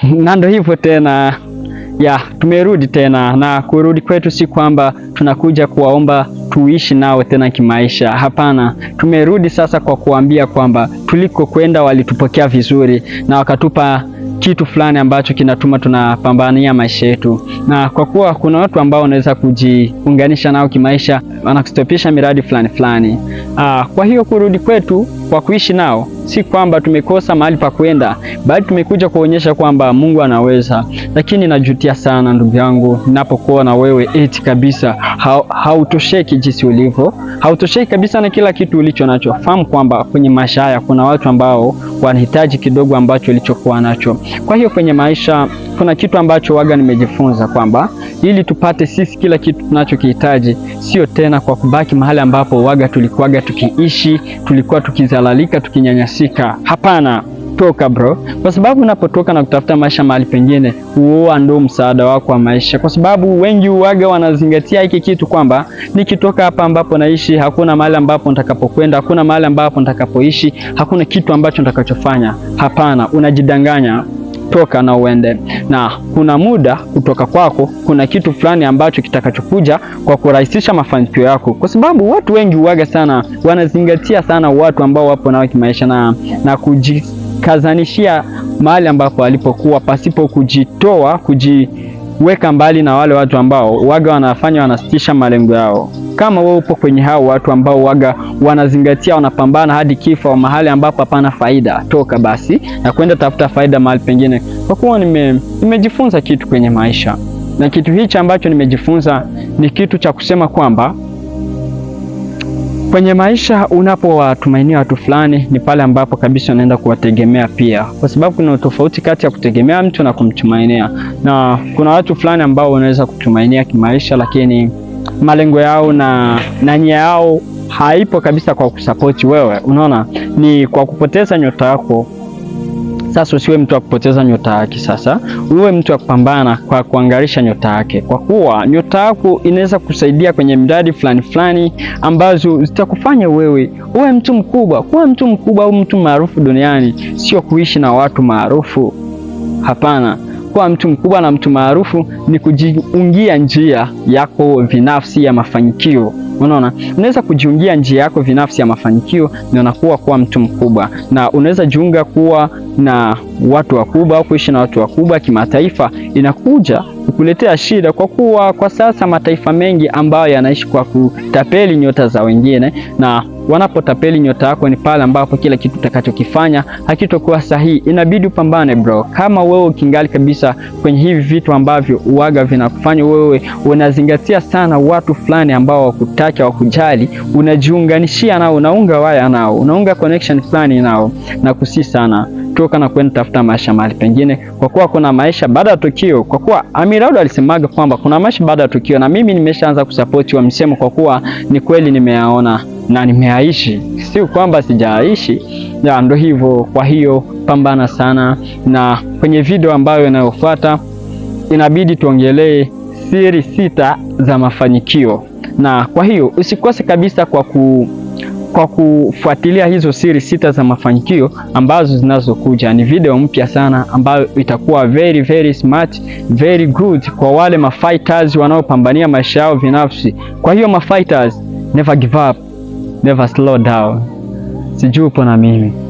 na ndo hivyo tena ya tumerudi tena, na kurudi kwetu si kwamba tunakuja kuwaomba tuishi nao tena kimaisha. Hapana, tumerudi sasa kwa kuambia kwamba tuliko kwenda walitupokea vizuri na wakatupa kitu fulani ambacho kinatuma tunapambania maisha yetu, na kwa kuwa kuna watu ambao wanaweza kujiunganisha nao kimaisha, wanakustopisha miradi fulani fulani. Aa, ah, kwa hiyo kurudi kwetu wa kuishi nao, si kwamba tumekosa mahali pa kwenda, bali tumekuja kuonyesha kwamba Mungu anaweza. Lakini najutia sana ndugu yangu, ninapokuwa na wewe eti kabisa hautosheki hau jinsi ulivyo, hautosheki kabisa na kila kitu ulicho nacho. Fahamu kwamba kwenye maisha haya kuna watu ambao wanahitaji kidogo ambacho ulichokuwa nacho. Kwa hiyo kwenye maisha kuna kitu ambacho waga nimejifunza kwamba ili tupate sisi kila kitu tunachokihitaji, sio tena kwa kubaki mahali ambapo waga tulikuwaga tukiishi, tulikuwa tukizalalika, tukinyanyasika. Hapana, toka bro, kwa sababu unapotoka na kutafuta maisha mahali pengine, huoa ndo msaada wako wa maisha, kwa sababu wengi uwaga wanazingatia hiki kitu kwamba nikitoka hapa ambapo naishi, hakuna mahali ambapo nitakapokwenda, hakuna mahali ambapo nitakapoishi, hakuna kitu ambacho nitakachofanya. Hapana, unajidanganya toka na uende. Na kuna muda kutoka kwako, kuna kitu fulani ambacho kitakachokuja kwa kurahisisha mafanikio yako, kwa sababu watu wengi huaga sana, wanazingatia sana watu ambao wapo nao kimaisha na, na kujikazanishia mahali ambapo alipokuwa pasipo kujitoa kuji weka mbali na wale watu ambao waga wanafanya wanasitisha malengo yao. Kama wewe upo kwenye hao watu ambao waga wanazingatia, wanapambana hadi kifo mahali ambapo hapana faida, toka basi na kwenda tafuta faida mahali pengine, kwa kuwa nime, nimejifunza kitu kwenye maisha, na kitu hichi ambacho nimejifunza ni kitu cha kusema kwamba Kwenye maisha unapowatumainia watu fulani ni pale ambapo kabisa unaenda kuwategemea pia, kwa sababu kuna utofauti kati ya kutegemea mtu na kumtumainia, na kuna watu fulani ambao unaweza kutumainia kimaisha, lakini malengo yao na, na nia yao haipo kabisa kwa kusapoti wewe. Unaona, ni kwa kupoteza nyota yako sasa usiwe mtu wa kupoteza nyota yake. Sasa uwe mtu wa kupambana kwa kuangarisha nyota yake, kwa kuwa nyota yako inaweza kusaidia kwenye miradi fulani fulani ambazo zitakufanya wewe uwe mtu mkubwa. Kuwa mtu mkubwa au mtu maarufu duniani sio kuishi na watu maarufu, hapana. Kuwa mtu mkubwa na mtu maarufu ni kujiungia njia yako binafsi ya mafanikio. Unaona, unaweza kujiungia njia yako binafsi ya mafanikio na unakuwa kuwa mtu mkubwa, na unaweza jiunga kuwa na watu wakubwa au kuishi na watu wakubwa kimataifa. Inakuja kukuletea shida, kwa kuwa kwa sasa mataifa mengi ambayo yanaishi kwa kutapeli nyota za wengine na Wanapotapeli nyota yako ni pale ambapo kila kitu utakachokifanya hakitokuwa sahihi. Inabidi upambane bro, kama wewe ukingali kabisa kwenye hivi vitu ambavyo uaga vinakufanya wewe unazingatia sana watu fulani ambao wakutaki, wakujali, unajiunganishia nao, unaunga waya nao, unaunga connection fulani nao, na kusi sana toka na kwenda tafuta maisha mahali pengine, kwa kuwa kuna maisha baada ya tukio. Kwa kuwa Amiraud alisemaga kwamba kuna maisha baada ya tukio, na mimi nimeshaanza kusapoti wa msemo, kwa kuwa ni kweli nimeyaona na nimeaishi, si kwamba sijaishi. Ndo hivyo. Kwa hiyo pambana sana, na kwenye video ambayo inayofuata inabidi tuongelee siri sita za mafanikio, na kwa hiyo usikose kabisa kwa ku kwa kufuatilia hizo siri sita za mafanikio ambazo zinazokuja. Ni video mpya sana ambayo itakuwa very very smart, very good kwa wale mafighters wanaopambania maisha yao binafsi. Kwa hiyo mafighters, never give up never slow down. Sijui upo na mimi.